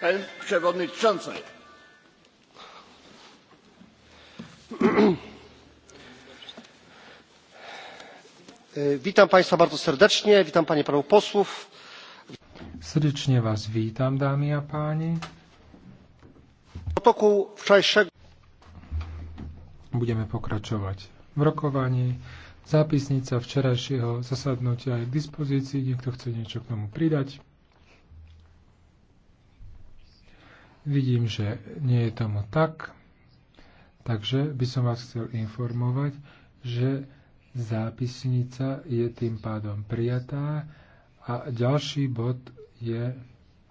pani przewodnicząca! E, witam państwa bardzo serdecznie witam panie i panów posłów. srdečne vás vítam dámy a páni. budeme pokračovať v rokovaní. Zápisnica včerajšieho zasadnutia je k dispozícii. Niekto chce niečo k tomu pridať? Vidím, že nie je tomu tak, takže by som vás chcel informovať, že zápisnica je tým pádom prijatá a ďalší bod je